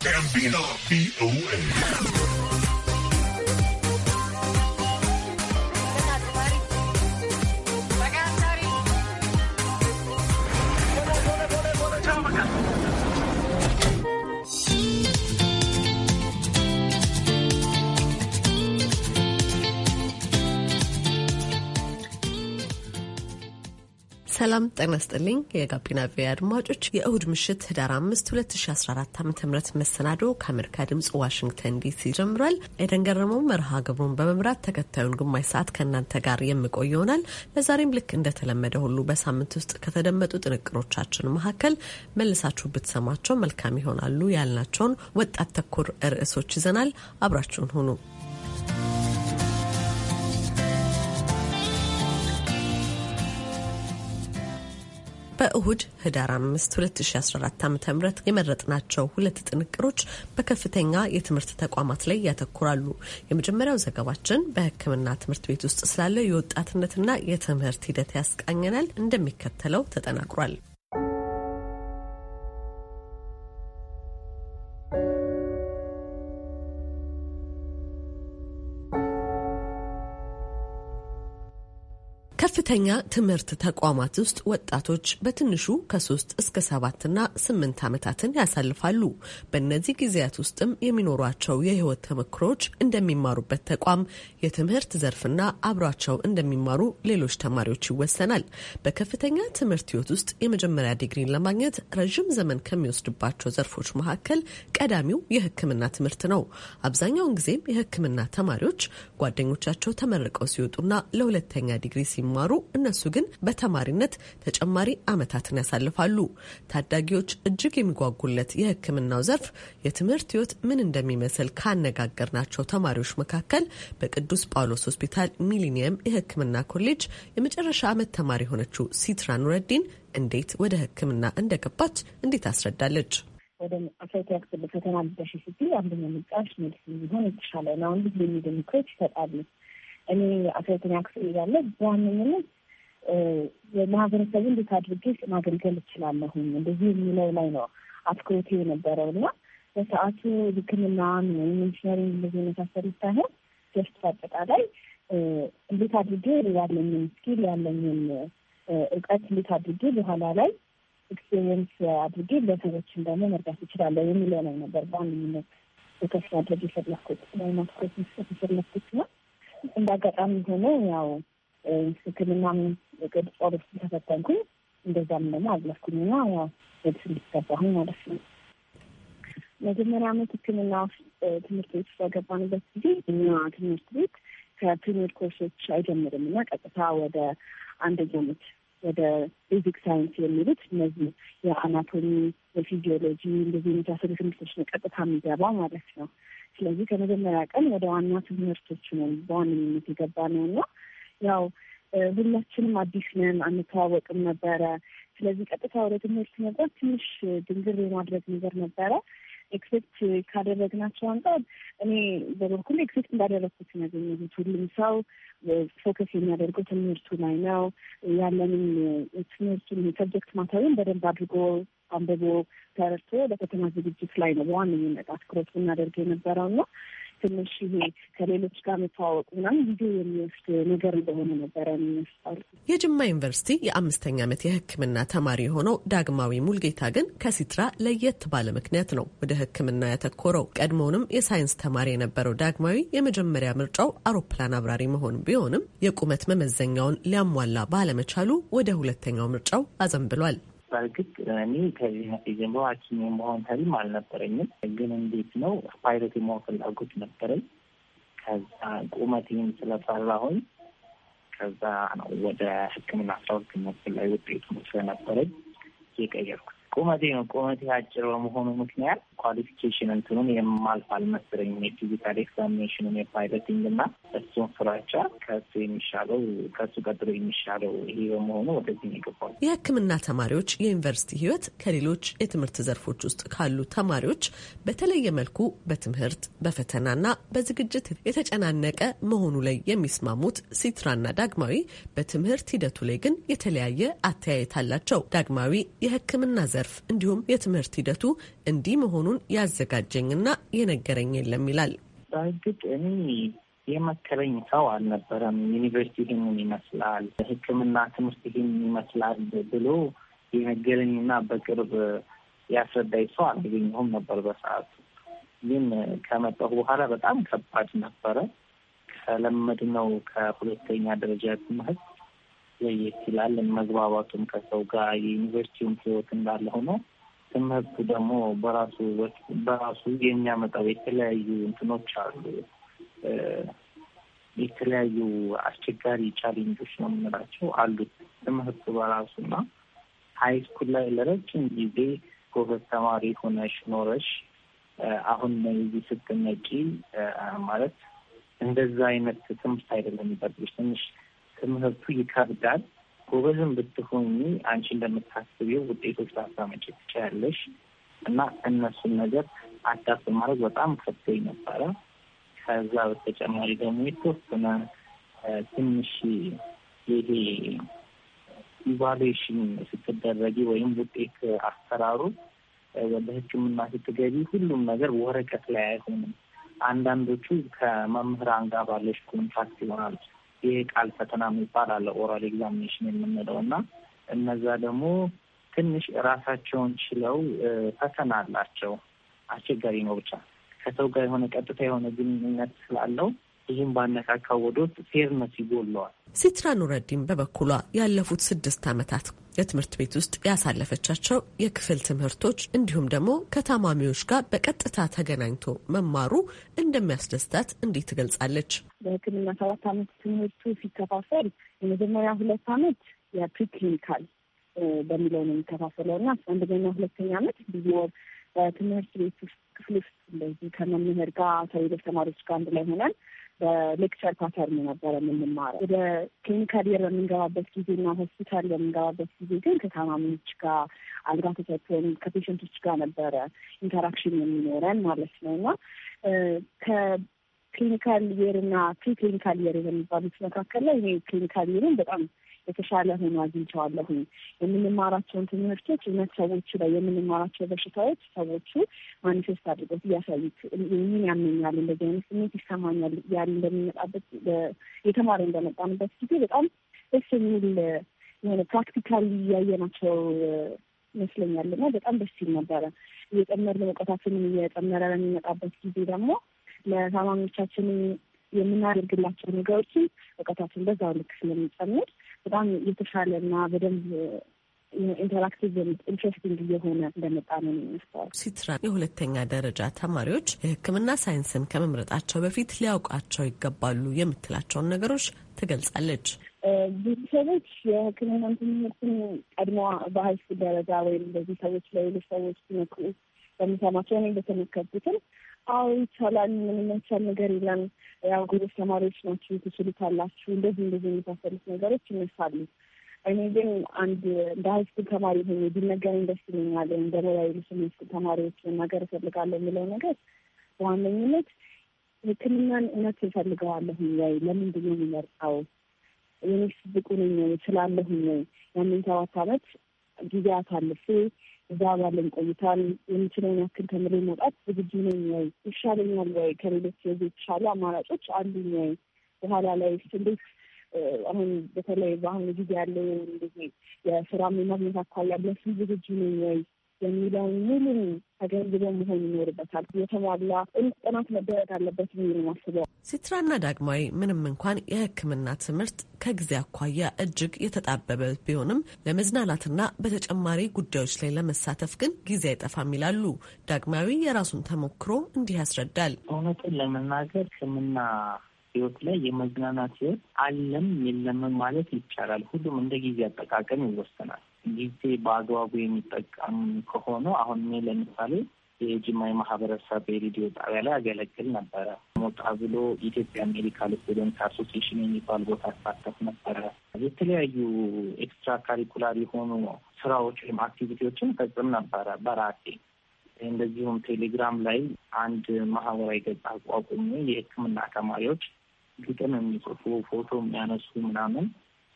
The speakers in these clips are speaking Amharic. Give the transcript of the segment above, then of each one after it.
Gambino B-O-A. ሰላም ጤና ስጥልኝ። የጋቢና ቪ አድማጮች የእሁድ ምሽት ህዳር 5 2014 ዓ ም መሰናዶ ከአሜሪካ ድምፅ ዋሽንግተን ዲሲ ጀምሯል። ኤደን ገረመው መርሃ ግብሩን በመምራት ተከታዩን ግማሽ ሰዓት ከእናንተ ጋር የምቆይ ይሆናል። ለዛሬም ልክ እንደተለመደ ሁሉ በሳምንት ውስጥ ከተደመጡ ጥንቅሮቻችን መካከል መልሳችሁ ብትሰማቸው መልካም ይሆናሉ ያልናቸውን ወጣት ተኮር ርዕሶች ይዘናል። አብራችሁን ሁኑ። በእሁድ ህዳር 5 2014 ዓ ም የመረጥናቸው ሁለት ጥንቅሮች በከፍተኛ የትምህርት ተቋማት ላይ ያተኩራሉ። የመጀመሪያው ዘገባችን በሕክምና ትምህርት ቤት ውስጥ ስላለ የወጣትነትና የትምህርት ሂደት ያስቃኘናል። እንደሚከተለው ተጠናቅሯል። ከፍተኛ ትምህርት ተቋማት ውስጥ ወጣቶች በትንሹ ከሶስት እስከ ሰባትና ስምንት ዓመታትን ያሳልፋሉ። በእነዚህ ጊዜያት ውስጥም የሚኖሯቸው የህይወት ተመክሮች እንደሚማሩበት ተቋም፣ የትምህርት ዘርፍና አብሯቸው እንደሚማሩ ሌሎች ተማሪዎች ይወሰናል። በከፍተኛ ትምህርት ህይወት ውስጥ የመጀመሪያ ዲግሪን ለማግኘት ረዥም ዘመን ከሚወስድባቸው ዘርፎች መካከል ቀዳሚው የህክምና ትምህርት ነው። አብዛኛውን ጊዜም የህክምና ተማሪዎች ጓደኞቻቸው ተመርቀው ሲወጡና ለሁለተኛ ዲግሪ ሲማሩ ሲማሩ እነሱ ግን በተማሪነት ተጨማሪ ዓመታትን ያሳልፋሉ። ታዳጊዎች እጅግ የሚጓጉለት የሕክምናው ዘርፍ የትምህርት ህይወት ምን እንደሚመስል ካነጋገርናቸው ተማሪዎች መካከል በቅዱስ ጳውሎስ ሆስፒታል ሚሊኒየም የሕክምና ኮሌጅ የመጨረሻ ዓመት ተማሪ የሆነችው ሲትራ ኑረዲን እንዴት ወደ ሕክምና እንደገባች እንዴት አስረዳለች። ወደ ሳይትያክስ በፈተና ልደሽ ስትይ አንደኛ ምጣሽ ሜዲሲን ቢሆን የተሻለ ነው። እንዲ የሚል ምክሮች ይሰጣሉ። እኔ አስረተኛ ክፍል እያለሁ በዋነኝነት ማህበረሰቡ እንዴት አድርጌ ማገልገል እችላለሁኝ እንደዚህ የሚለው ላይ ነው አትኩሮቴ የነበረው እና በሰዓቱ ሕክምናን ወይም ኢንጂነሪንግ እንደዚህ የመሳሰሉ ሳይሆን ጀስት አጠቃላይ እንዴት አድርጌ ያለኝን ስኪል ያለኝን እውቀት እንዴት አድርጌ በኋላ ላይ ኤክስፔሪየንስ አድርጌ ለሰዎችን ደግሞ መርዳት እችላለሁ የሚለው ላይ ነበር በአንድነት ፎከስ ማድረግ የፈለኩት ወይም አትኩሮት መስጠት የፈለኩት ነው። እንዳጋጣሚ ሆነ ያው ሕክምናም ቅዱስ ጳውሎስ ተፈተንኩኝ። እንደዛም ደግሞ አለፍኩኝና ያው ወደስ እንዲገባሁኝ ማለት ነው። መጀመሪያ ዓመት ሕክምና ትምህርት ቤት በገባንበት ጊዜ እኛ ትምህርት ቤት ከፕሪሚየር ኮርሶች አይጀምርም እና ቀጥታ ወደ አንደኛ ዓመት ወደ ቤዚክ ሳይንስ የሚሉት እነዚህ የአናቶሚ የፊዚዮሎጂ እንደዚህ የመሳሰሉ ትምህርቶች ነው ቀጥታ የሚገባ ማለት ነው። ስለዚህ ከመጀመሪያ ቀን ወደ ዋና ትምህርቶች ነው በዋነኝነት የገባ ነው እና ያው ሁላችንም አዲስ ነን፣ አንተዋወቅም ነበረ። ስለዚህ ቀጥታ ወደ ትምህርት ነበር። ትንሽ ድንግር የማድረግ ነገር ነበረ። ኤክሴፕት ካደረግናቸው አንጻር እኔ በበኩል ኤክሴፕት እንዳደረግኩት ያገኘሁት ሁሉም ሰው ፎከስ የሚያደርገው ትምህርቱ ላይ ነው። ያለንም ትምህርቱን ሰብጀክት ማታዊን በደንብ አድርጎ አንብቦ ተረድቶ ለፈተና ዝግጅት ላይ ነው በዋነኝነት አትኩረት ብናደርግ የነበረው ነው። ትንሽ ይሄ ከሌሎች ጋር መተዋወቅ ምናምን ጊዜ የሚወስድ ነገር እንደሆነ ነበረ የሚመስል። የጅማ ዩኒቨርሲቲ የአምስተኛ ዓመት የሕክምና ተማሪ የሆነው ዳግማዊ ሙልጌታ ግን ከሲትራ ለየት ባለ ምክንያት ነው ወደ ሕክምና ያተኮረው። ቀድሞውንም የሳይንስ ተማሪ የነበረው ዳግማዊ የመጀመሪያ ምርጫው አውሮፕላን አብራሪ መሆን ቢሆንም የቁመት መመዘኛውን ሊያሟላ ባለመቻሉ ወደ ሁለተኛው ምርጫው አዘንብሏል። በእርግጥ እኔ ከልጅነቴ ጀምሮ ሐኪም የመሆን ህልም አልነበረኝም። ግን እንዴት ነው ፓይለት የመሆን ፍላጎት ነበረኝ። ከዛ ቁመቴን ስለፈራሁኝ ከዛ ነው ወደ ህክምና አስራ ሁለተኛ ክፍል ላይ ውጤቱ ስለነበረኝ የቀየርኩት። ቁመቴ ነው። ቁመቴ አጭር በመሆኑ ምክንያት ኳሊፊኬሽን እንትኑን የማልፍ አልመሰለኝም። የፊዚካል ኤግዛሚኔሽኑን የፓይለቲንግ እና እሱን ፍራቻ ከሱ የሚሻለው ከሱ ቀጥሎ የሚሻለው ይሄ በመሆኑ ወደዚህ ይገባል። የሕክምና ተማሪዎች የዩኒቨርሲቲ ህይወት ከሌሎች የትምህርት ዘርፎች ውስጥ ካሉ ተማሪዎች በተለየ መልኩ በትምህርት በፈተናና በዝግጅት የተጨናነቀ መሆኑ ላይ የሚስማሙት ሲትራና ዳግማዊ በትምህርት ሂደቱ ላይ ግን የተለያየ አተያየት አላቸው። ዳግማዊ የሕክምና ዘርፍ ዘርፍ እንዲሁም የትምህርት ሂደቱ እንዲህ መሆኑን ያዘጋጀኝና የነገረኝ የለም ይላል። በእርግጥ እኔ የመከረኝ ሰው አልነበረም። ዩኒቨርሲቲ ይህንን ይመስላል፣ ሕክምና ትምህርት ይህንን ይመስላል ብሎ የነገረኝና በቅርብ ያስረዳኝ ሰው አላገኘሁም ነበር በሰዓቱ። ግን ከመጣሁ በኋላ በጣም ከባድ ነበረ። ከለመድነው ከሁለተኛ ደረጃ ትምህርት ለየት ይላል። መግባባቱም ከሰው ጋር የዩኒቨርሲቲውን ህይወት እንዳለ ሆኖ ትምህርቱ ደግሞ በራሱ በራሱ የሚያመጣው የተለያዩ እንትኖች አሉ። የተለያዩ አስቸጋሪ ቻሌንጆች ነው የምንላቸው አሉት ትምህርቱ በራሱ እና ሀይ ስኩል ላይ ለረጅም ጊዜ ጎበዝ ተማሪ ሆነሽ ኖረሽ አሁን እዚህ ስትነቂ ማለት እንደዛ አይነት ትምህርት አይደለም የሚጠብቅሽ ትንሽ ትምህርቱ ይከብዳል። ጎበዝም ብትሆኝ አንቺ እንደምታስቢው ውጤቶች ላታመጪ ትችያለሽ እና እነሱን ነገር አዳፍ ማድረግ በጣም ከብዶኝ ነበረ። ከዛ በተጨማሪ ደግሞ የተወሰነ ትንሽ ይሄ ኢቫሉዌሽን ስትደረጊ ወይም ውጤት አሰራሩ ወደ ሕክምና ስትገቢ ሁሉም ነገር ወረቀት ላይ አይሆንም። አንዳንዶቹ ከመምህራን ጋር ባለሽ ኮንታክት ይሆናል። ይሄ ቃል ፈተና የሚባል አለ ኦራል ኤግዛሚኔሽን የምንለው እና እነዛ ደግሞ ትንሽ ራሳቸውን ችለው ፈተና አላቸው። አስቸጋሪ ነው ብቻ ከሰው ጋር የሆነ ቀጥታ የሆነ ግንኙነት ስላለው ብዙም ባነካካው ወዶት ፌርነስ ይጎለዋል። ሲትራ ኑረዲን በበኩሏ ያለፉት ስድስት ዓመታት የትምህርት ቤት ውስጥ ያሳለፈቻቸው የክፍል ትምህርቶች እንዲሁም ደግሞ ከታማሚዎች ጋር በቀጥታ ተገናኝቶ መማሩ እንደሚያስደስታት እንዲህ ትገልጻለች። በሕክምና ሰባት ዓመት ትምህርቱ ሲከፋፈል የመጀመሪያ ሁለት ዓመት የፕሪክሊኒካል በሚለው ነው የሚከፋፈለው እና አንደኛ ሁለተኛ ዓመት ብዙ ወር በትምህርት ቤት ውስጥ ክፍል ውስጥ እንደዚህ ከመምህር ጋር ከሌሎች ተማሪዎች ጋር አንድ ላይ ሆናል በሌክቸር ፓተርን ነበረ የምንማረው። ወደ ክሊኒካል ዲር በምንገባበት ጊዜ እና ሆስፒታል በምንገባበት ጊዜ ግን ከታማሚዎች ጋር አልጋ ተሰጥቶን ከፔሽንቶች ጋር ነበረ ኢንተራክሽን የሚኖረን ማለት ነው እና ከክሊኒካል ዲር እና ፕሪ ክሊኒካል ዲር በሚባሉት መካከል ላይ ይሄ ክሊኒካል ዲርን በጣም የተሻለ ሆኖ አግኝቸዋለሁኝ። የምንማራቸውን ትምህርቶች እውነት ሰዎቹ ላይ የምንማራቸው በሽታዎች ሰዎቹ ማኒፌስት አድርጎት እያሳዩት ይህን ያመኛል፣ እንደዚህ አይነት ስሜት ይሰማኛል ያል እንደሚመጣበት የተማሪ እንደመጣንበት ጊዜ በጣም ደስ የሚል የሆነ ፕራክቲካል እያየናቸው ይመስለኛል እና በጣም ደስ ይል ነበረ። እየጨመርን እውቀታችንን እየጨመረ በሚመጣበት ጊዜ ደግሞ ለታማሚዎቻችን የምናደርግላቸው ነገሮችን እውቀታችን በዛው ልክ ስለሚጨምር በጣም የተሻለ እና በደንብ ኢንተራክቲቭ ኢንትረስቲንግ እየሆነ እንደመጣ ነው የሚመስለው። ሲትራ የሁለተኛ ደረጃ ተማሪዎች የሕክምና ሳይንስን ከመምረጣቸው በፊት ሊያውቃቸው ይገባሉ የምትላቸውን ነገሮች ትገልጻለች። ብዙ ሰዎች የሕክምና ትምህርትን ቀድሞ በሀይስኩል ደረጃ ወይም በዚህ ሰዎች ለሌሎች ሰዎች ሲመክሩ በምሰማቸው ወይም በተመከቡትም አዎ ይቻላል፣ ምንም የሚቻል ነገር የለም፣ ያው ጎበዝ ተማሪዎች ናቸው፣ ትችሉታላችሁ፣ እንደዚህ እንደዚህ የሚታሰሉት ነገሮች ይነሳሉ። እኔ ግን አንድ እንደ ሃይስኩል ተማሪ ሆ ቢነገረኝ ደስ ይለኛል። ወይም ደግሞ ሌሎች ሃይስኩል ተማሪዎች መናገር እፈልጋለሁ የሚለው ነገር በዋነኝነት ሕክምናን እውነት እፈልገዋለሁ ወይ? ለምንድን ነው የሚመርጣው? የኔ ብቁ ነኝ ወይ? እችላለሁ ወይ? ያንን ሰባት ዓመት ጊዜ አሳልፌ እዛ ባለን ቆይታን የምችለውን ያክል ተምሬ መውጣት ዝግጁ ነኝ ወይ? ይሻለኛል ወይ? ከሌሎች የዚ የተሻሉ አማራጮች አሉኝ ወይ? በኋላ ላይ ስንዴት አሁን በተለይ በአሁኑ ጊዜ ያለው ጊዜ የስራ የማግኘት አኳያ ለሱ ዝግጁ ነኝ ወይ የሚለውን ሙሉ ተገንዝቦ መሆን ይኖርበታል። የተሟላ ጥናት መደረግ አለበት ብዬ ነው ሲትራና ዳግማዊ ምንም እንኳን የሕክምና ትምህርት ከጊዜ አኳያ እጅግ የተጣበበ ቢሆንም ለመዝናናትና በተጨማሪ ጉዳዮች ላይ ለመሳተፍ ግን ጊዜ አይጠፋም ይላሉ። ዳግማዊ የራሱን ተሞክሮ እንዲህ ያስረዳል። እውነትን ለመናገር ሕክምና ህይወት ላይ የመዝናናት ህይወት አለም የለምን ማለት ይቻላል። ሁሉም እንደ ጊዜ አጠቃቀም ይወሰናል። ጊዜ በአግባቡ የሚጠቀም ከሆኑ አሁን እኔ ለምሳሌ የጅማ ማህበረሰብ የሬዲዮ ጣቢያ ላይ አገለግል ነበረ። ሞጣ ብሎ ኢትዮጵያ ሜዲካል ስቱደንት አሶሲሽን የሚባል ቦታ አሳተፍ ነበረ። የተለያዩ ኤክስትራ ካሪኩላር የሆኑ ስራዎች ወይም አክቲቪቲዎችን ፈጽም ነበረ በራሴ። እንደዚሁም ቴሌግራም ላይ አንድ ማህበራዊ ገጽ አቋቁሜ የሕክምና ተማሪዎች ግጥም የሚጽፉ ፎቶ የሚያነሱ ምናምን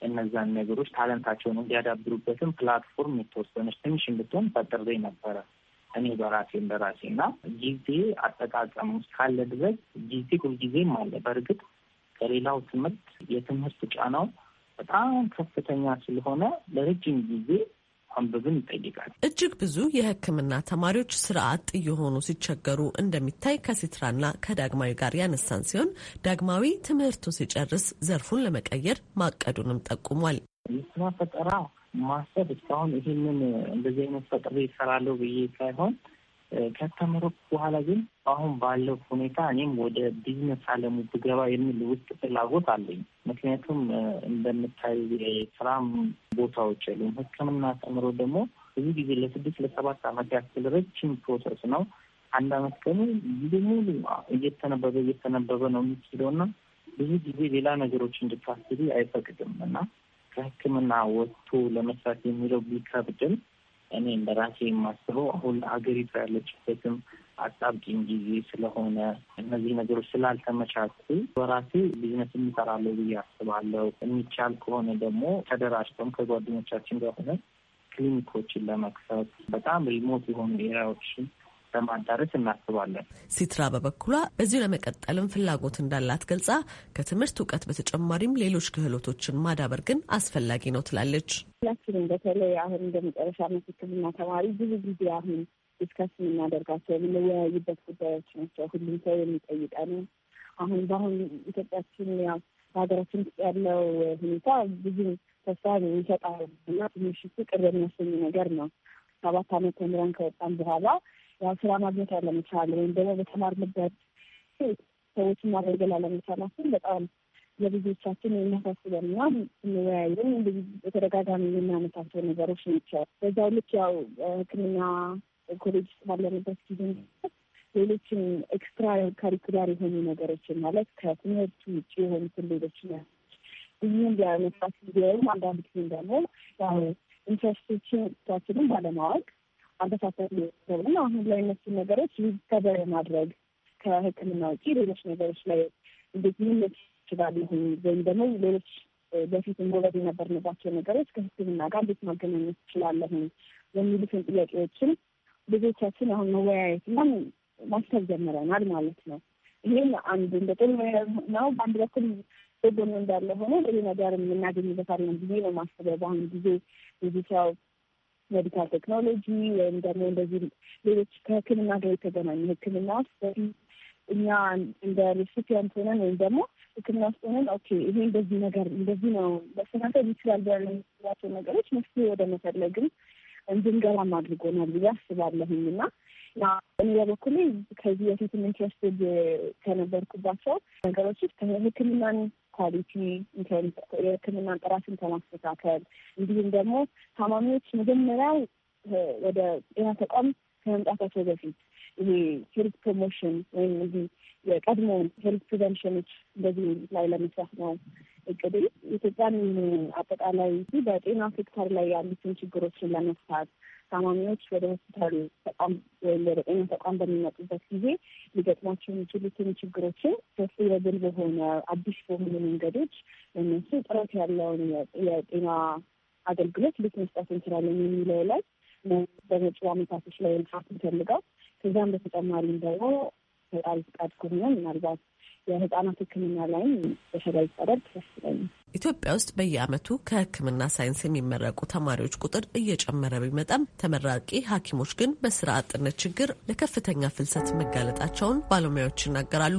እነዛን ነገሮች ታለንታቸውን እንዲያዳብሩበትም ፕላትፎርም የተወሰነች ትንሽ እንድትሆን ፈጥሬ ነበረ እኔ በራሴን በራሴ እና ጊዜ አጠቃቀም ውስጥ ካለ ድረስ ጊዜ ሁልጊዜም አለ። በእርግጥ ከሌላው ትምህርት የትምህርት ጫናው በጣም ከፍተኛ ስለሆነ ለረጅም ጊዜ ማንበብን ይጠይቃል። እጅግ ብዙ የሕክምና ተማሪዎች ስራ አጥ እየሆኑ ሲቸገሩ እንደሚታይ ከሲትራና ከዳግማዊ ጋር ያነሳን ሲሆን ዳግማዊ ትምህርቱን ሲጨርስ ዘርፉን ለመቀየር ማቀዱንም ጠቁሟል። የስራ ፈጠራ ማሰብ እስካሁን ይህንን እንደዚህ አይነት ፈጥሬ ይሰራለሁ ብዬ ሳይሆን ከተመረ በኋላ ግን አሁን ባለው ሁኔታ እኔም ወደ ቢዝነስ አለሙ ብገባ የሚል ውስጥ ፍላጎት አለኝ። ምክንያቱም እንደምታዩ የስራ ቦታዎች የሉም። ሕክምና ተምሮ ደግሞ ብዙ ጊዜ ለስድስት ለሰባት አመት ያክል ረጅም ፕሮሰስ ነው። አንድ አመት ቀኑ ጊዜ ሙሉ እየተነበበ እየተነበበ ነው የሚችለው እና ብዙ ጊዜ ሌላ ነገሮች እንድታስቢ አይፈቅድም እና ከሕክምና ወጥቶ ለመስራት የሚለው ቢከብድም እኔ እንደ ራሴ የማስበው አሁን ሀገሪቱ ያለችበትም አጣብቂኝ ጊዜ ስለሆነ እነዚህ ነገሮች ስላልተመቻቹ በራሴ ቢዝነስ እንሰራለሁ ብዬ አስባለሁ። የሚቻል ከሆነ ደግሞ ተደራጅተም ከጓደኞቻችን ጋር ሆነ ክሊኒኮችን ለመክፈት በጣም ሪሞት የሆኑ ኤሪያዎችን ለማዳረስ እናስባለን። ሲትራ በበኩሏ በዚሁ ለመቀጠልም ፍላጎት እንዳላት ገልጻ ከትምህርት እውቀት በተጨማሪም ሌሎች ክህሎቶችን ማዳበር ግን አስፈላጊ ነው ትላለች። ሁላችንም በተለይ አሁን እንደ መጨረሻ ዓመት ሕክምና ተማሪ ብዙ ጊዜ አሁን ዲስከስ የምናደርጋቸው የምንወያይበት ጉዳዮች ናቸው። ሁሉም ሰው የሚጠይቀን አሁን በአሁን ኢትዮጵያችን ያው በሀገራችን ውስጥ ያለው ሁኔታ ብዙ ተስፋ የሚሰጣ እና ትንሽ ቅር የሚያሰኝ ነገር ነው። ሰባት ዓመት ተምረን ከወጣን በኋላ ያው ስራ ማግኘት አለመቻል ወይም ደግሞ በተማርንበት ሰዎች ማገልገል አለመቻላችን በጣም ለብዙዎቻችን የሚያሳስበን እና ስንወያይም በተደጋጋሚ የምናነሳቸው ነገሮች ናቸው። በዛው ልክ ያው ሕክምና ኮሌጅ ውስጥ ባለንበት ጊዜ ሌሎችን ኤክስትራ ካሪኩላር የሆኑ ነገሮችን ማለት ከትምህርቱ ውጭ የሆኑትን ሌሎች ብዙም ይህም ጊዜ ወይም አንዳንድ ጊዜም ደግሞ ያው ኢንትረስቶችን ታችንም ባለማወቅ አበሳሰት ነው። አሁን ላይ እነሱን ነገሮች ሊከበር ማድረግ ከሕክምና ውጪ ሌሎች ነገሮች ላይ እንዴት ምነት ይችላል ይሁን ወይም ደግሞ ሌሎች በፊት እንጎበድ የነበርንባቸው ነገሮች ከህክምና ጋር እንዴት ማገናኘት ይችላለሁን የሚሉትን ጥያቄዎችን ልጆቻችን አሁን መወያየት መወያየትና ማሰብ ጀምረናል ማለት ነው። ይህም አንዱ እንደ ጥሩ ነው። በአንድ በኩል በጎን እንዳለ ሆኖ በሌላ ነገር የምናገኝበታለን ብዬ ነው ማስበው። በአሁኑ ጊዜ ብዙ ሰው ሜዲካል ቴክኖሎጂ ወይም ደግሞ እንደዚህ ሌሎች ከህክምና ጋር የተገናኙ ህክምና ውስጥ እኛ እንደ ሬሲፒየንት ሆነን ወይም ደግሞ ህክምና ውስጥ ሆነን ኦኬ ይሄ እንደዚህ ነገር እንደዚህ ነው በስናተ ይችላል ብለን ያላቸው ነገሮች መፍትሄ ወደ መፈለግም እንድንገራም አድርጎናል ብዬ አስባለሁኝ እና እኔ በበኩሌ ከዚህ በፊት ኢንትረስትድ ከነበርኩባቸው ነገሮች ውስጥ ህክምናን ኳሊቲ የሕክምና ጥራትን ከማስተካከል እንዲሁም ደግሞ ታማሚዎች መጀመሪያው ወደ ጤና ተቋም ከመምጣታቸው በፊት ይሄ ሄልት ፕሮሞሽን ወይም እዚህ የቀድሞውን ሄልት ፕሪቨንሽኖች እንደዚህ ላይ ለመስራት ነው እቅድ ኢትዮጵያን አጠቃላይ በጤና ሴክተር ላይ ያሉትን ችግሮችን ለመፍታት ታማሚዎች ወደ ሆስፒታሉ ተቋም ወይም ወደ ጤና ተቋም በሚመጡበት ጊዜ ሊገጥሟቸው የሚችሉትን ችግሮችን ሰስተይነብል በሆነ አዲስ በሆኑ መንገዶች እነሱ ጥረት ያለውን የጤና አገልግሎት ልት መስጠት እንችላለን የሚለው ላይ በመጪው ዓመታቶች ላይ ልፋት እንፈልጋል። ከዚያም በተጨማሪም ደግሞ ፈጣሪ ፍቃድ ከሆነ ምናልባት የህጻናት ህክምና ላይም በሸላይ ይጠረግ ይመስለኝ። ኢትዮጵያ ውስጥ በየአመቱ ከህክምና ሳይንስ የሚመረቁ ተማሪዎች ቁጥር እየጨመረ ቢመጣም ተመራቂ ሐኪሞች ግን በስራ አጥነት ችግር ለከፍተኛ ፍልሰት መጋለጣቸውን ባለሙያዎች ይናገራሉ።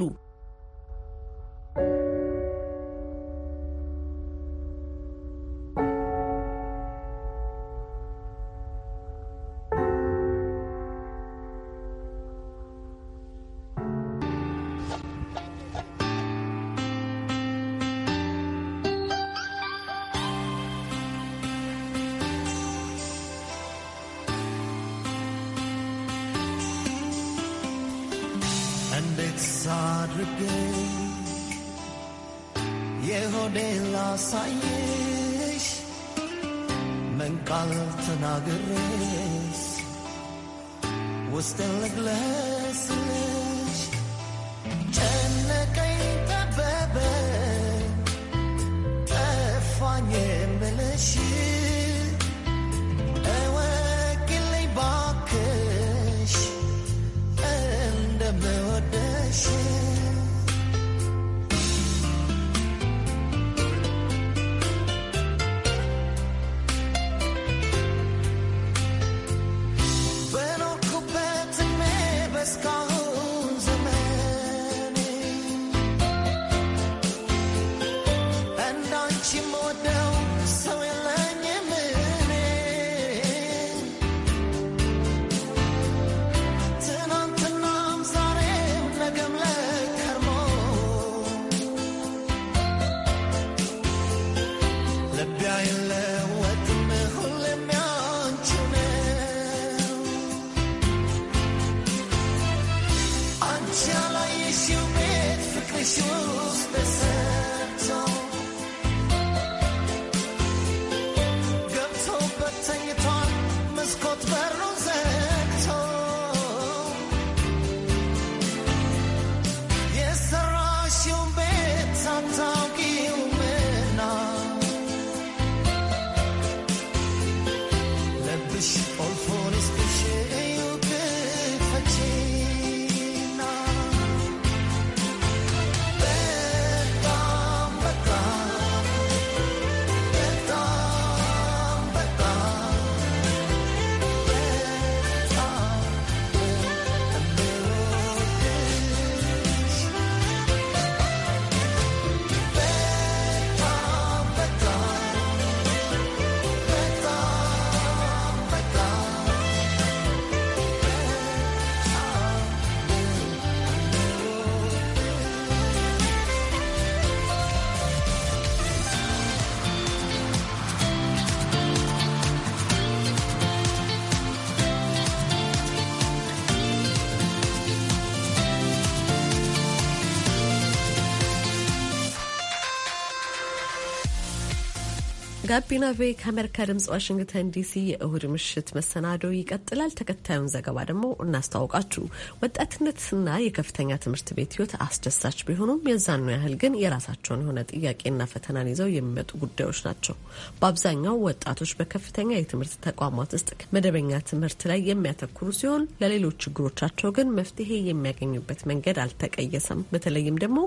ጋቢና ቬ ከአሜሪካ ድምጽ ዋሽንግተን ዲሲ የእሁድ ምሽት መሰናዶ ይቀጥላል። ተከታዩን ዘገባ ደግሞ እናስተዋውቃችሁ። ወጣትነትና የከፍተኛ ትምህርት ቤት ህይወት አስደሳች ቢሆኑም የዛኑ ያህል ግን የራሳቸውን የሆነ ጥያቄና ፈተናን ይዘው የሚመጡ ጉዳዮች ናቸው። በአብዛኛው ወጣቶች በከፍተኛ የትምህርት ተቋማት ውስጥ መደበኛ ትምህርት ላይ የሚያተኩሩ ሲሆን ለሌሎች ችግሮቻቸው ግን መፍትሄ የሚያገኙበት መንገድ አልተቀየሰም። በተለይም ደግሞ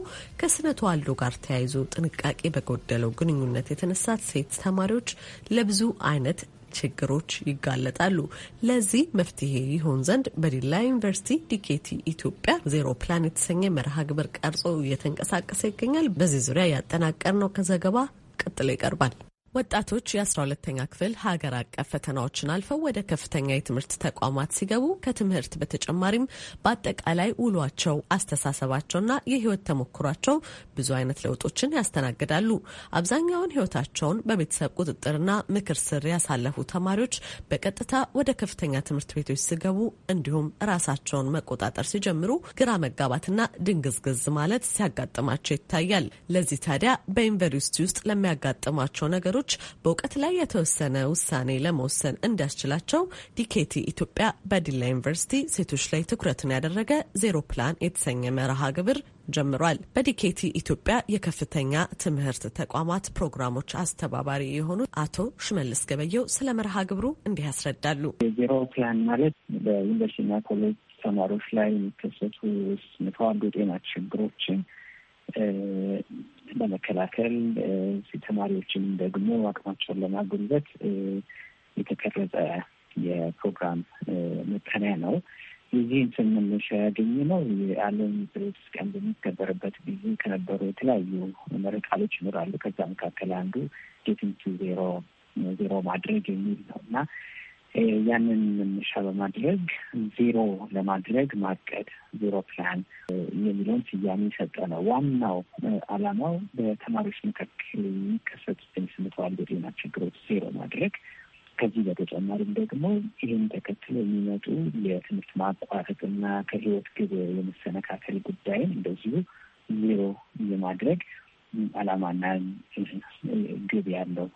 ከስነ ተዋልዶ ጋር ተያይዞ ጥንቃቄ በጎደለው ግንኙነት የተነሳት ሴት ተማሪዎች ለብዙ አይነት ችግሮች ይጋለጣሉ። ለዚህ መፍትሄ ይሆን ዘንድ በዲላ ዩኒቨርሲቲ ዲኬቲ ኢትዮጵያ ዜሮ ፕላን የተሰኘ መርሃ ግብር ቀርጾ እየተንቀሳቀሰ ይገኛል። በዚህ ዙሪያ ያጠናቀር ነው ከዘገባ ቀጥሎ ይቀርባል። ወጣቶች የ12ተኛ ክፍል ሀገር አቀፍ ፈተናዎችን አልፈው ወደ ከፍተኛ የትምህርት ተቋማት ሲገቡ ከትምህርት በተጨማሪም በአጠቃላይ ውሏቸው፣ አስተሳሰባቸውና የህይወት ተሞክሯቸው ብዙ አይነት ለውጦችን ያስተናግዳሉ። አብዛኛውን ህይወታቸውን በቤተሰብ ቁጥጥርና ምክር ስር ያሳለፉ ተማሪዎች በቀጥታ ወደ ከፍተኛ ትምህርት ቤቶች ሲገቡ እንዲሁም ራሳቸውን መቆጣጠር ሲጀምሩ ግራ መጋባትና ድንግዝግዝ ማለት ሲያጋጥማቸው ይታያል። ለዚህ ታዲያ በዩኒቨርሲቲ ውስጥ ለሚያጋጥማቸው ነገሮች ዜጎች በእውቀት ላይ የተወሰነ ውሳኔ ለመወሰን እንዲያስችላቸው ዲኬቲ ኢትዮጵያ በዲላ ዩኒቨርሲቲ ሴቶች ላይ ትኩረትን ያደረገ ዜሮ ፕላን የተሰኘ መርሃ ግብር ጀምሯል። በዲኬቲ ኢትዮጵያ የከፍተኛ ትምህርት ተቋማት ፕሮግራሞች አስተባባሪ የሆኑት አቶ ሽመልስ ገበየው ስለ መርሃ ግብሩ እንዲህ ያስረዳሉ። የዜሮ ፕላን ማለት በዩኒቨርሲቲና ኮሌጅ ተማሪዎች ላይ የሚከሰቱ የተዋልዶ ጤና ችግሮችን ለመከላከል ተማሪዎችን ደግሞ አቅማቸውን ለማጎልበት የተቀረጸ የፕሮግራም መጠሪያ ነው። የዚህን ስም መነሻ ያገኘ ነው። የዓለም ኤድስ ቀን በሚከበርበት ጊዜ ከነበሩ የተለያዩ መሪ ቃሎች ይኖራሉ። ከዛ መካከል አንዱ ጌቲንግ ቱ ዜሮ ዜሮ ማድረግ የሚል ነው እና ያንን መነሻ በማድረግ ዜሮ ለማድረግ ማቀድ ዜሮ ፕላን የሚለውን ስያሜ የሰጠ ነው። ዋናው ዓላማው በተማሪዎች መካከል የሚከሰቱትን ስነተዋልዶ ጤና ችግሮች ዜሮ ማድረግ ከዚህ በተጨማሪም ደግሞ ይህን ተከትሎ የሚመጡ የትምህርት ማቋረጥና ከህይወት ግብ የመሰነካከል ጉዳይን እንደዚሁ ዜሮ የማድረግ ዓላማና ግብ ያለው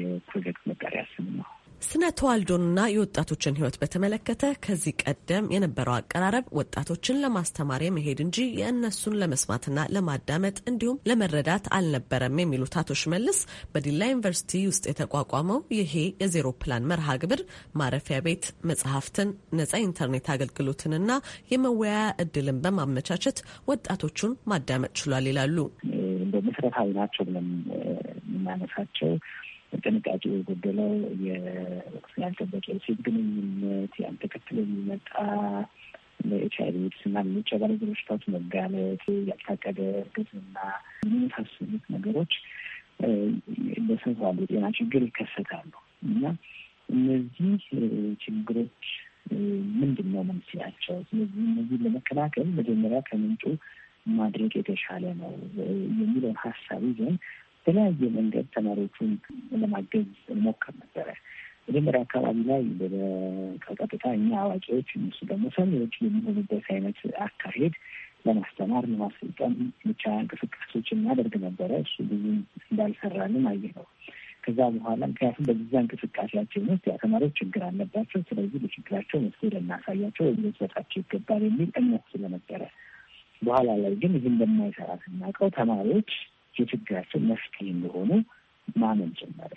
የፕሮጀክት መጠሪያ ስም ነው። ስነ ተዋልዶንና የወጣቶችን ህይወት በተመለከተ ከዚህ ቀደም የነበረው አቀራረብ ወጣቶችን ለማስተማር የመሄድ እንጂ የእነሱን ለመስማትና ለማዳመጥ እንዲሁም ለመረዳት አልነበረም የሚሉት አቶ ሽመልስ በዲላ ዩኒቨርሲቲ ውስጥ የተቋቋመው ይሄ የዜሮ ፕላን መርሃ ግብር ማረፊያ ቤት፣ መጽሐፍትን፣ ነጻ ኢንተርኔት አገልግሎትንና የመወያያ እድልን በማመቻቸት ወጣቶቹን ማዳመጥ ችሏል ይላሉ። እንደ መሰረታዊ ናቸው ብለን የምናነሳቸው ጥንቃቄ የጎደለው ያልጠበቀ የሴት ግንኙነት፣ ያን ተከትሎ የሚመጣ ለኤች አይቪ ኤድስ እና ለውጫ በሽታዎች መጋለጥ፣ ያልታቀደ እርግዝና የመሳሰሉት ነገሮች በሰው ጤና ችግር ይከሰታሉ እና እነዚህ ችግሮች ምንድን ነው መንስኤያቸው? ስለዚህ እነዚህ ለመከላከል መጀመሪያ ከምንጩ ማድረግ የተሻለ ነው የሚለውን ሀሳብ ይዘን በተለያየ መንገድ ተማሪዎቹን ለማገዝ ሞከር ነበረ። መጀመሪያ አካባቢ ላይ ከቀጥታ እኛ አዋቂዎች እነሱ ደግሞ ሰሚዎች የሚሆኑበት አይነት አካሄድ ለማስተማር ለማሰልጠን ብቻ እንቅስቃሴዎች እናደርግ ነበረ። እሱ ብዙ እንዳልሰራንም አየ ነው። ከዛ በኋላ ምክንያቱም በዛ እንቅስቃሴያችን ውስጥ ተማሪዎች ችግር አለባቸው፣ ስለዚህ ለችግራቸው መፍትሄ ልናሳያቸው ወይም ልንሰጣቸው ይገባል የሚል እምነት ስለነበረ በኋላ ላይ ግን ይህ እንደማይሰራ ስናውቀው ተማሪዎች የችግራችን መፍትሄ እንደሆኑ ማመን ጀመረ።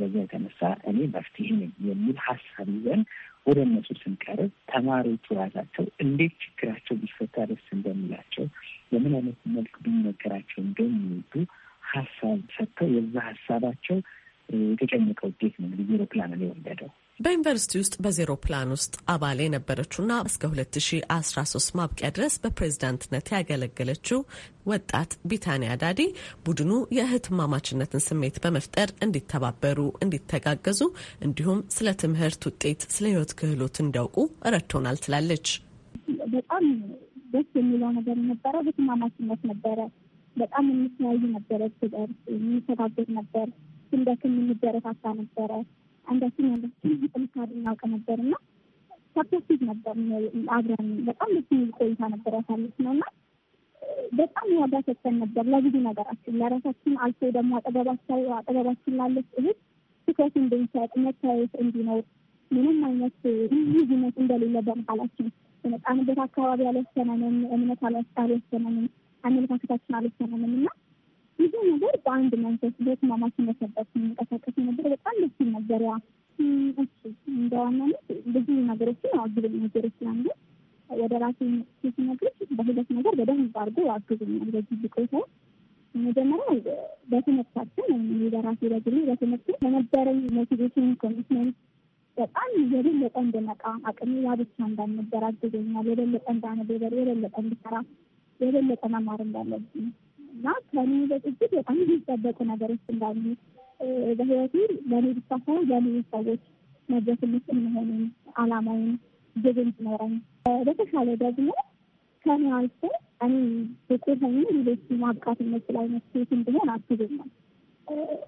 በዚያ የተነሳ እኔ መፍትሄ ነኝ የሚል ሀሳብ ይዘን ወደ እነሱ ስንቀርብ ተማሪዎቹ ራሳቸው እንዴት ችግራቸው ቢፈታ ደስ እንደሚላቸው በምን አይነት መልክ ቢነገራቸው እንደሚወዱ ሀሳብ ሰጥተው የዛ ሀሳባቸው የተጨነቀ ውጤት ነው እንግዲህ አውሮፕላን ላይ የወለደው በዩኒቨርሲቲ ውስጥ በዜሮ ፕላን ውስጥ አባል የነበረችውና እስከ 2013 ማብቂያ ድረስ በፕሬዝዳንትነት ያገለገለችው ወጣት ቢታንያ ዳዲ ቡድኑ የእህትማማችነትን ስሜት በመፍጠር እንዲተባበሩ፣ እንዲተጋገዙ እንዲሁም ስለ ትምህርት ውጤት፣ ስለ ህይወት ክህሎት እንዲያውቁ ረድቶናል ትላለች። በጣም ደስ የሚለው ነገር የነበረው እህትማማችነት ነበረ። በጣም የምትለያዩ ነበረ፣ ትደርስ የሚተጋገዝ ነበር፣ ስንደክም የምንደረታታ ነበረ አንዳችን ያንዳችን ጥልካ እናውቅ ነበር እና ሰፖርቲቭ ነበር። አብረን በጣም ልክ ቆይታ ነበር ያሳለች ነው እና በጣም ያዳሰሰን ነበር ለብዙ ነገራችን ለራሳችን አልፎ ደግሞ አጠገባቸው አጠገባችን ላለች እህት ትኩረት እንድንሰጥ መታየት እንዲኖር ምንም አይነት ልዩነት እንደሌለ በመሀላችን የመጣንበት አካባቢ አልወሰነንም፣ እምነት አልወሰነንም፣ አመለካከታችን አልወሰነንም እና ብዙ ነገር በአንድ መንፈስ ቤት በመስማማት ነበር የሚንቀሳቀስ ነበር። በጣም ደስ ይል ነበር። ያ እሱ እንደዋናነት ብዙ ነገሮችን አግብ ነገር ስላለ ወደ ራሴ ሲነግር በሁለት ነገር በደንብ አድርጎ አግዞኛል። በዚህ ብቆታ መጀመሪያ በትምህርታችን ወይም በራሴ በግሌ በትምህርት ለነበረኝ ሞቲቬሽን ኮሚትመንት በጣም የበለጠ እንደመቃ አቅሜ ያ ብቻ እንዳልነበር አግዞኛል። የበለጠ እንዳነበበር የበለጠ እንድሰራ፣ የበለጠ መማር እንዳለብኝ እና ከኔ ይዘት በጣም የሚጠበቁ ነገሮች እንዳሉ በህይወቴ ለእኔ ብቻ ሳይሆን ለሌሎች ሰዎች መድረስ የምችል መሆኑን አላማውን ግብ እንዲኖረኝ በተሻለ ደግሞ ከኔ አልፎ እኔ ብቁ ሆኑ ሌሎች ማብቃት የምችል አይነት ሴት እንደሆን አስብም ነው።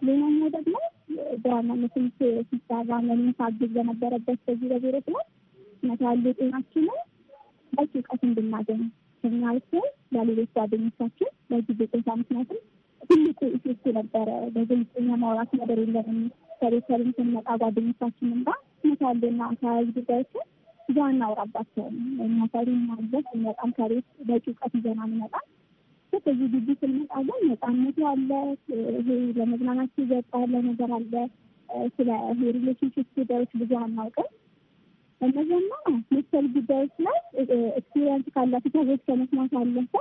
ሌላኛው ደግሞ በዋናነት ሲሰራ ሲሰራ ሳግዝ በነበረበት በዚህ በቢሮት ላይ መታያሉ ጤናችንን በቂ እውቀት እንድናገኝ እኛ ሲሆን ለሌሎች ጓደኞቻችን በጊዜ ቆይታ ምክንያቱም ትልቁ ኢፌክት ነበረ። በግልጽ ማውራት ነገር የለንም። ከቤተሰብም ስንመጣ ጓደኞቻችንም ጋር ስመታልና አካባቢ ጉዳዮችን እዛ እናውራባቸውም። የሚያሳሪ ማለት በጣም ከቤት በቂ እውቀት ይዘና እንመጣ ከዚህ ግቢ ስንመጣ ግን ነጻነቱ አለ። ይሄ ለመዝናናት ሲዘጣ ያለ ነገር አለ። ስለ ሪሌሽንሽፕ ጉዳዮች ብዙ አናውቅም። እነዚህና መሰል ጉዳዮች ላይ ኤክስፔሪንስ ካላቸው ሰዎች ከመስማት አለፈ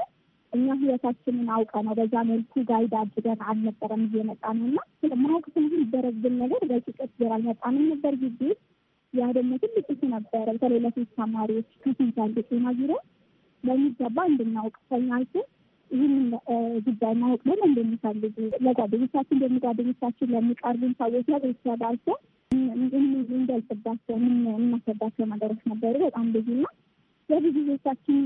እኛ ህይወታችንን አውቀ ነው በዛ መልኩ ጋይድ አድርገን አልነበረም እየመጣ ነው እና ማወቅ ስልህ ይደረግብን ነገር በጭቀት ዘር አልመጣንም ነበር ጊዜ ያ ደግሞ ትልቅ ሱ ነበረ። በተለይ ለሴት ተማሪዎች ከስንሳል ጤና ዙሮ በሚገባ እንድናውቅ ሰኛችን ይህንን ጉዳይ ማወቅ ደግሞ እንደሚፈልጉ ለጓደኞቻችን እንደሚጓደኞቻችን ለሚቀርቡን ሰዎች ለቤተሰባቸው እንዳልጽባቸው የምናስባቸው ነገሮች ነበሩ። በጣም ብዙ ና ለብዙ ቤታችን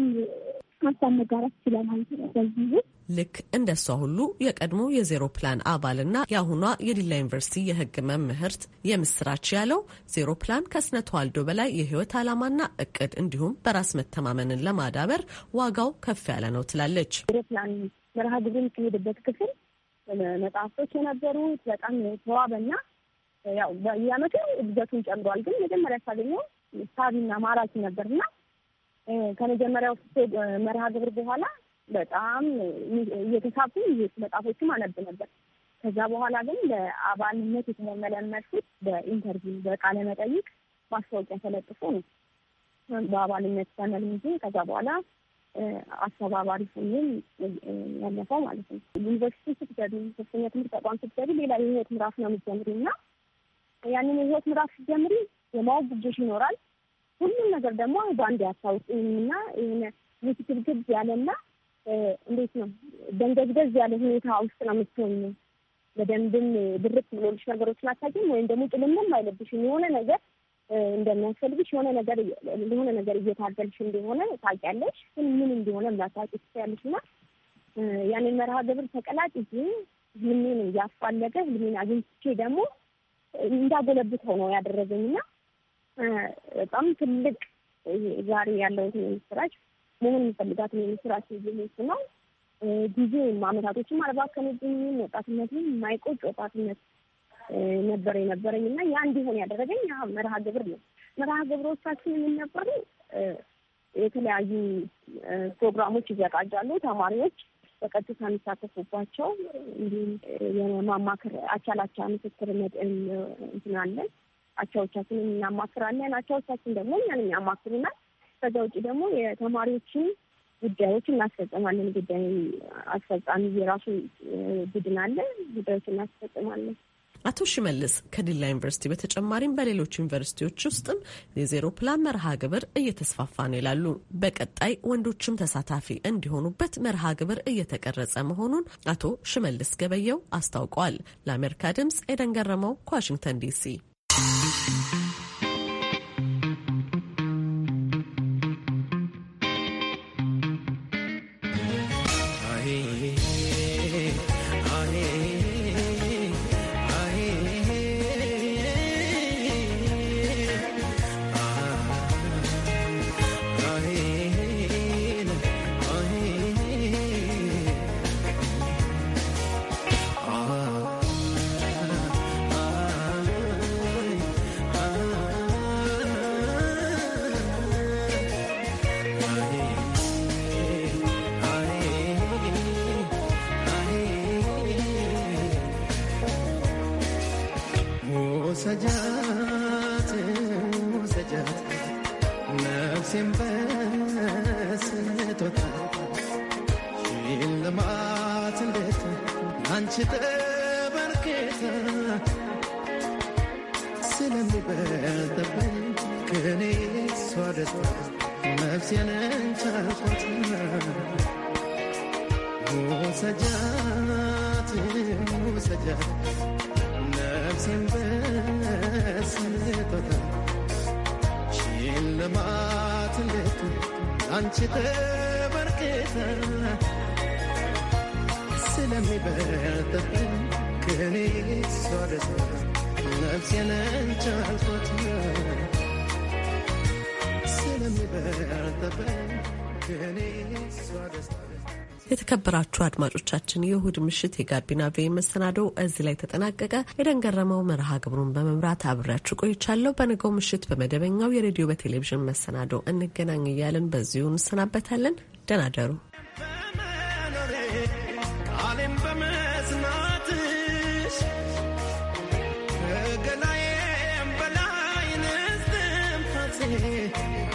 ሀሳብ መጋራት ችለናል። በዚህ ልክ እንደሷ ሁሉ የቀድሞ የዜሮ ፕላን አባልና የአሁኗ የዲላ ዩኒቨርሲቲ የሕግ መምህርት የምስራች ያለው ዜሮ ፕላን ከስነ ተዋልዶ በላይ የህይወት ዓላማና እቅድ እንዲሁም በራስ መተማመንን ለማዳበር ዋጋው ከፍ ያለ ነው ትላለች። ዜሮ ፕላን መርሃ ግብር የሚካሄድበት ክፍል መጽሐፍቶች የነበሩት በጣም ተዋበና ያው በየአመቱ እድገቱን ጨምሯል። ግን መጀመሪያ ሳገኘው ሳቢና ማራኪ ነበር እና ከመጀመሪያው ስቴድ መርሃ ግብር በኋላ በጣም እየተሳቡ መጽሐፎችም አነብ ነበር። ከዛ በኋላ ግን በአባልነት የተመለመልኩት በኢንተርቪው በቃለ መጠይቅ ማስታወቂያ ተለጥፎ ነው በአባልነት ተመልምጄ ከዛ በኋላ አስተባባሪ ሆኜም ያለፈው ማለት ነው። ዩኒቨርሲቲ ስትገቢ፣ ሶስተኛ ትምህርት ተቋም ስትገቢ ሌላ የህይወት ምዕራፍ ነው የምትጀምሪው እና ያንን የህይወት ምዕራፍ ስትጀምሪ የማወቅ ጉጆች ይኖራል። ሁሉም ነገር ደግሞ በአንድ ያስታውቅና የሆነ ግብግብ ያለና እንዴት ነው ደንገዝገዝ ያለ ሁኔታ ውስጥ ነው የምትሆኝ። በደንብም ድርቅ ብሎልሽ ነገሮችን አታውቂም፣ ወይም ደግሞ ጥልምም አይለብሽም። የሆነ ነገር እንደሚያስፈልግሽ የሆነ ነገር የሆነ ነገር እየታገልሽ እንደሆነ ታውቂያለሽ፣ ግን ምን እንደሆነ ላታውቂ ትችያለሽ። እና ያንን መርሃ ግብር ተቀላጭ ህልሜን እያፋለገ ህልሜን አግኝቼ ደግሞ እንዳጎለብተው ነው ያደረገኝ እና በጣም ትልቅ ዛሬ ያለውን የምስራች መሆን የሚፈልጋት የምስራች ሊሆንስ ነው። ጊዜ አመታቶችም አልባከንብኝ ወጣትነት የማይቆጭ ወጣትነት ነበር የነበረኝ እና ያ እንዲሆን ያደረገኝ መርሃ ግብር ነው። መርሃ ግብሮቻችን የምንነበሩ የተለያዩ ፕሮግራሞች ይዘጋጃሉ። ተማሪዎች በቀጥታ የሚሳተፉባቸው እንዲሁም የማማክር አቻላቻ ምስክር እንትናለን አቻዎቻችንን እናማክራለን። አቻዎቻችን ደግሞ እኛን የሚያማክሩናል። ከዛ ውጭ ደግሞ የተማሪዎችን ጉዳዮች እናስፈጽማለን። ጉዳይ አስፈጻሚ የራሱ ቡድን አለ። ጉዳዮች እናስፈጽማለን። አቶ ሽመልስ ከዲላ ዩኒቨርሲቲ በተጨማሪም በሌሎች ዩኒቨርሲቲዎች ውስጥም የዜሮ ፕላን መርሃ ግብር እየተስፋፋ ነው ይላሉ። በቀጣይ ወንዶችም ተሳታፊ እንዲሆኑበት መርሃ ግብር እየተቀረጸ መሆኑን አቶ ሽመልስ ገበየው አስታውቀዋል። ለአሜሪካ ድምጽ ኤደን ገረመው ከዋሽንግተን ዲሲ የተከበራችሁ አድማጮቻችን የእሁድ ምሽት የጋቢና ቪ መሰናዶው እዚህ ላይ ተጠናቀቀ። የደንገረመው ገረመው መርሃ ግብሩን በመምራት አብሬያችሁ ቆይቻለሁ። በነገው ምሽት በመደበኛው የሬዲዮ በቴሌቪዥን መሰናዶው እንገናኝ እያለን በዚሁ እንሰናበታለን። ደናደሩ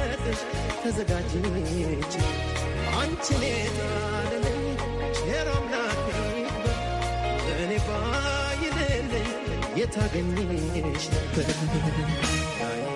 ለማግኘትሽ ተዘጋጀች አንቺን የጣለልኝ ቸር